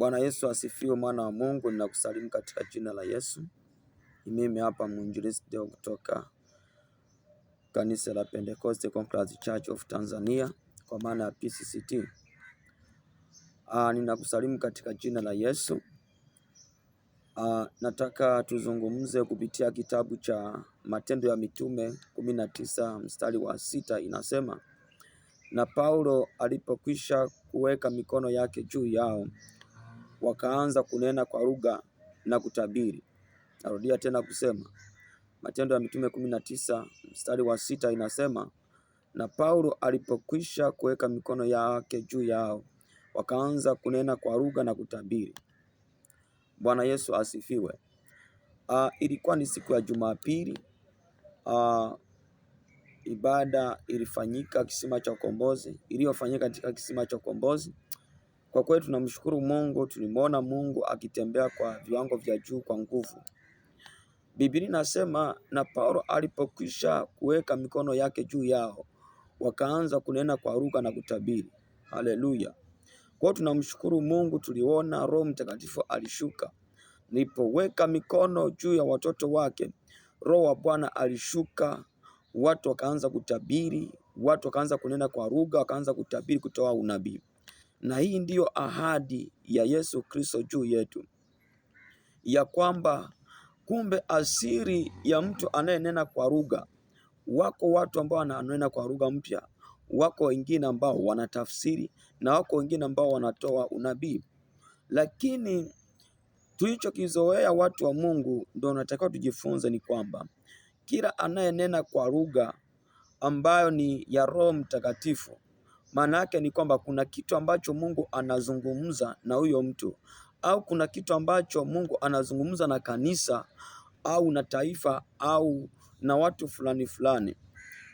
Bwana Yesu asifiwe, mwana wa Mungu, ninakusalimu katika jina la Yesu. Ni mimi hapa mwinjilisti Deo kutoka kanisa la Pentecost Conference Church of Tanzania kwa maana ya PCCT. Ah, ninakusalimu katika jina la Yesu. Aa, ah, nataka tuzungumze kupitia kitabu cha Matendo ya Mitume kumi na tisa mstari wa sita inasema, na Paulo alipokwisha kuweka mikono yake juu yao wakaanza kunena kwa lugha na kutabiri. Narudia tena kusema Matendo ya Mitume kumi na tisa mstari wa sita inasema, na Paulo alipokwisha kuweka mikono yake juu yao wakaanza kunena kwa lugha na kutabiri. Bwana Yesu asifiwe. Uh, ilikuwa ni siku ya Jumapili. Ah, ibada ilifanyika kisima cha ukombozi, iliyofanyika katika kisima cha ukombozi. Kwa kweli tunamshukuru Mungu, tulimwona Mungu akitembea kwa viwango vya juu kwa nguvu. Biblia inasema na Paulo alipokwisha kuweka mikono yake juu yao, wakaanza kunena kwa lugha na kutabiri. Haleluya! Kwa tunamshukuru Mungu, tuliona Roho Mtakatifu alishuka. Nilipoweka mikono juu ya watoto wake, Roho wa Bwana alishuka, watu wakaanza kutabiri, watu wakaanza kunena kwa lugha, wakaanza kutabiri, kutoa unabii. Na hii ndiyo ahadi ya Yesu Kristo juu yetu, ya kwamba kumbe asiri ya mtu anayenena kwa lugha, wako watu ambao wananena kwa lugha mpya, wako wengine ambao wanatafsiri na wako wengine ambao wanatoa unabii, lakini tulichokizoea watu wa Mungu ndio natakiwa tujifunze, ni kwamba kila anayenena kwa lugha ambayo ni ya Roho Mtakatifu maana yake ni kwamba kuna kitu ambacho Mungu anazungumza na huyo mtu au kuna kitu ambacho Mungu anazungumza na kanisa au na taifa au na watu fulani fulani.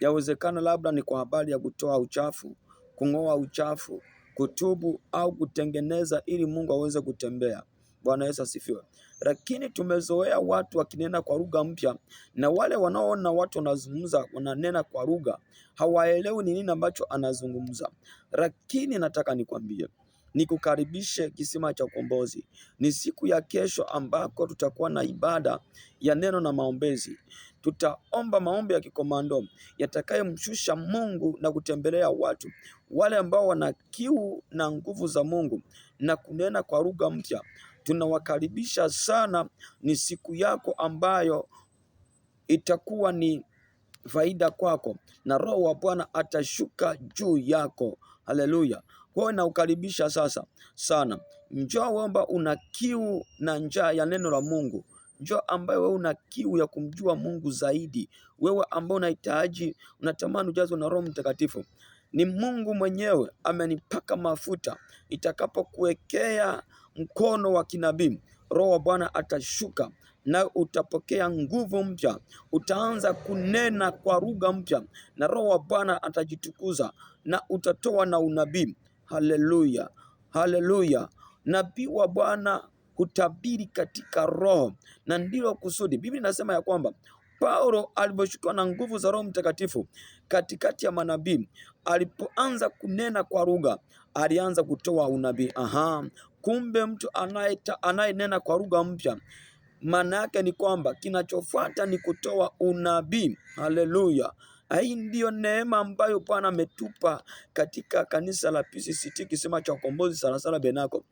Yawezekana labda ni kwa habari ya kutoa uchafu, kung'oa uchafu, kutubu au kutengeneza ili Mungu aweze kutembea. Bwana Yesu asifiwe. Lakini tumezoea watu wakinena kwa lugha mpya, na wale wanaoona watu wanazungumza wananena kwa lugha hawaelewi ni nini ambacho anazungumza. Lakini nataka nikwambie nikukaribishe kisima cha ukombozi. Ni siku ya kesho ambako tutakuwa na ibada ya neno na maombezi. Tutaomba maombi ya kikomando yatakayemshusha Mungu na kutembelea watu wale ambao wana kiu na nguvu za Mungu na kunena kwa lugha mpya. Tunawakaribisha sana, ni siku yako ambayo itakuwa ni faida kwako na roho wa Bwana atashuka juu yako. Haleluya! Kwayo naukaribisha sasa sana, njoo wamba una kiu na njaa ya neno la Mungu. Njoo ambaye wewe una kiu ya kumjua Mungu zaidi, wewe ambaye unahitaji, unatamani ujazwe na Roho Mtakatifu. Ni Mungu mwenyewe amenipaka mafuta, itakapokuwekea mkono wa kinabii, Roho wa Bwana atashuka na utapokea nguvu mpya, utaanza kunena kwa lugha mpya, na Roho wa Bwana atajitukuza na utatoa na unabii. Haleluya, haleluya! Nabii wa Bwana hutabiri katika Roho, na ndilo kusudi Biblia inasema ya kwamba Paulo aliposhukiwa na nguvu za Roho Mtakatifu katikati ya manabii, alipoanza kunena kwa lugha, alianza kutoa unabii. Aha, Kumbe mtu anayenena kwa lugha mpya maana yake ni kwamba kinachofuata ni kutoa unabii. Haleluya! Hii ndiyo neema ambayo Bwana ametupa katika kanisa la PCCT kisima cha ukombozi Sarasara Benako.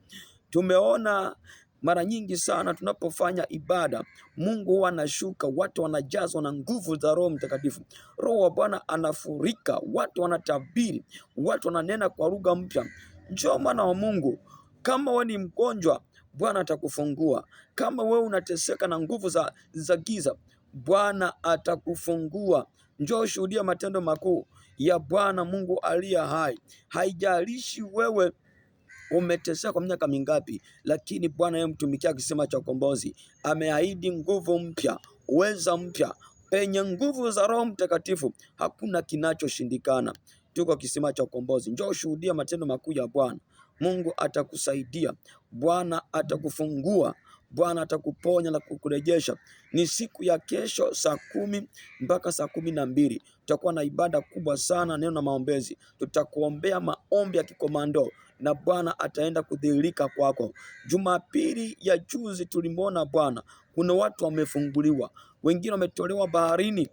Tumeona mara nyingi sana tunapofanya ibada, Mungu huwa anashuka, watu wanajazwa na nguvu za Roho Mtakatifu. Roho wa Bwana anafurika, watu wanatabiri, watu wananena kwa lugha mpya. Njoo mwana wa Mungu, kama wewe ni mgonjwa, Bwana atakufungua. Kama wewe unateseka na nguvu za, za giza, Bwana atakufungua. Njoo ushuhudia matendo makuu ya Bwana Mungu aliye hai. Haijalishi wewe umeteseka kwa miaka mingapi, lakini Bwana yeye mtumikia kisema cha ukombozi ameahidi nguvu mpya, uweza mpya. Penye nguvu za Roho Mtakatifu hakuna kinachoshindikana. Tuko kisima cha ukombozi. Njoo ushuhudia matendo makuu ya Bwana. Mungu atakusaidia, Bwana atakufungua, Bwana atakuponya na kukurejesha. Ni siku ya kesho saa kumi mpaka saa kumi na mbili tutakuwa na ibada kubwa sana, neno na maombezi. Tutakuombea maombi ya kikomando na Bwana ataenda kudhihirika kwako. Jumapili ya juzi tulimwona Bwana, kuna watu wamefunguliwa, wengine wametolewa baharini.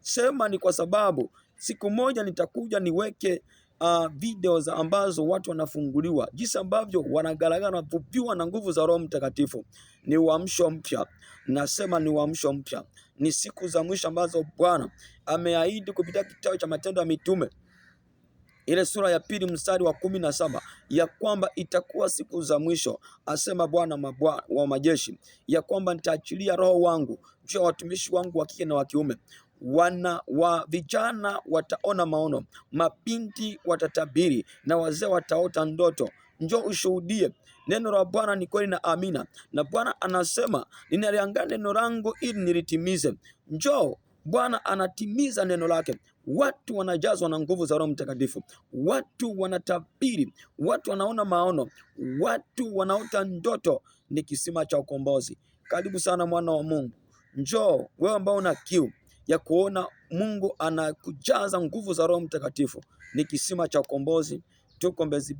Sema ni kwa sababu siku moja nitakuja niweke uh, videos ambazo watu wanafunguliwa, jinsi ambavyo wanagaragara kupiwa na nguvu za Roho Mtakatifu. Ni uamsho mpya, nasema ni uamsho mpya, ni siku za mwisho ambazo Bwana ameahidi kupitia kitabu cha Matendo ya Mitume ile sura ya pili mstari wa kumi na saba ya kwamba itakuwa siku za mwisho, asema Bwana wa majeshi, ya kwamba nitaachilia roho wangu juu ya watumishi wangu wa kike na wa kiume, wana wa vijana wataona maono, mapinti watatabiri na wazee wataota ndoto. Njoo ushuhudie neno la Bwana ni kweli na amina. Na Bwana anasema ninaliangalia neno langu ili nilitimize. Njoo, Bwana anatimiza neno lake. Watu wanajazwa na nguvu za Roho Mtakatifu, watu wanatabiri, watu wanaona maono, watu wanaota ndoto. Ni kisima cha ukombozi. Karibu sana mwana wa Mungu, njoo wewe ambao una kiu ya kuona Mungu anakujaza nguvu za Roho Mtakatifu. Ni kisima cha ukombozi, tuko Mbezi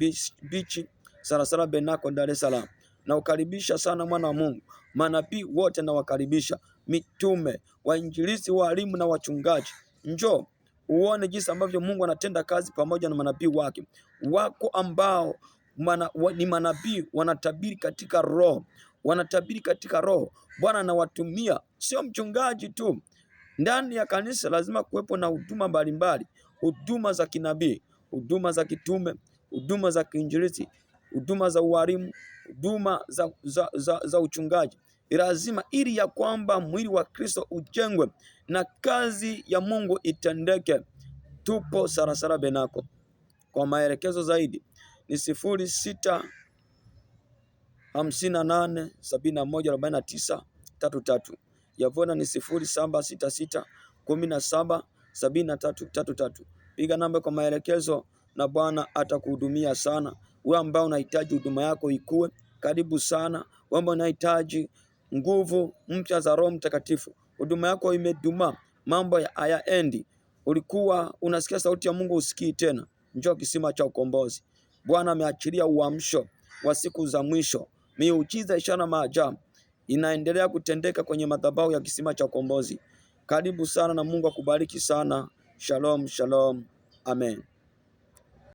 Beach, Sarasara Benako, Dar es Salaam. Naukaribisha sana mwana wa Mungu, manabii wote nawakaribisha, mitume, wainjilisti, walimu na wachungaji. Njoo uone jinsi ambavyo Mungu anatenda kazi pamoja na manabii wake. Wako ambao mana, wa, ni manabii wanatabiri katika roho, wanatabiri katika roho. Bwana anawatumia, sio mchungaji tu, ndani ya kanisa lazima kuwepo na huduma mbalimbali, huduma za kinabii, huduma za kitume, huduma za kiinjilisti, huduma za uwalimu, huduma za, za, za, za uchungaji lazima ili ya kwamba mwili wa Kristo ujengwe na kazi ya Mungu itendeke. Tupo Sarasara Benako. Kwa maelekezo zaidi ni sifuri sita hamsini na nane sabini na moja arobaini na tisa tatu tatu. Yavona ni sifuri saba sita sita kumi na saba sabini na tatu tatu tatu. Piga namba kwa maelekezo na Bwana atakuhudumia sana. Wewe ambao unahitaji huduma yako ikue, karibu sana. Wewe ambao unahitaji nguvu mpya za Roho Mtakatifu, huduma yako imedumaa, mambo hayaendi. Ulikuwa unasikia sauti ya Mungu, usikii tena. Njoo kisima cha ukombozi. Bwana ameachilia uamsho wa siku za mwisho, miujiza, ishara na maajabu inaendelea kutendeka kwenye madhabahu ya kisima cha ukombozi. Karibu sana na Mungu akubariki sana. Shalom, shalom, amen.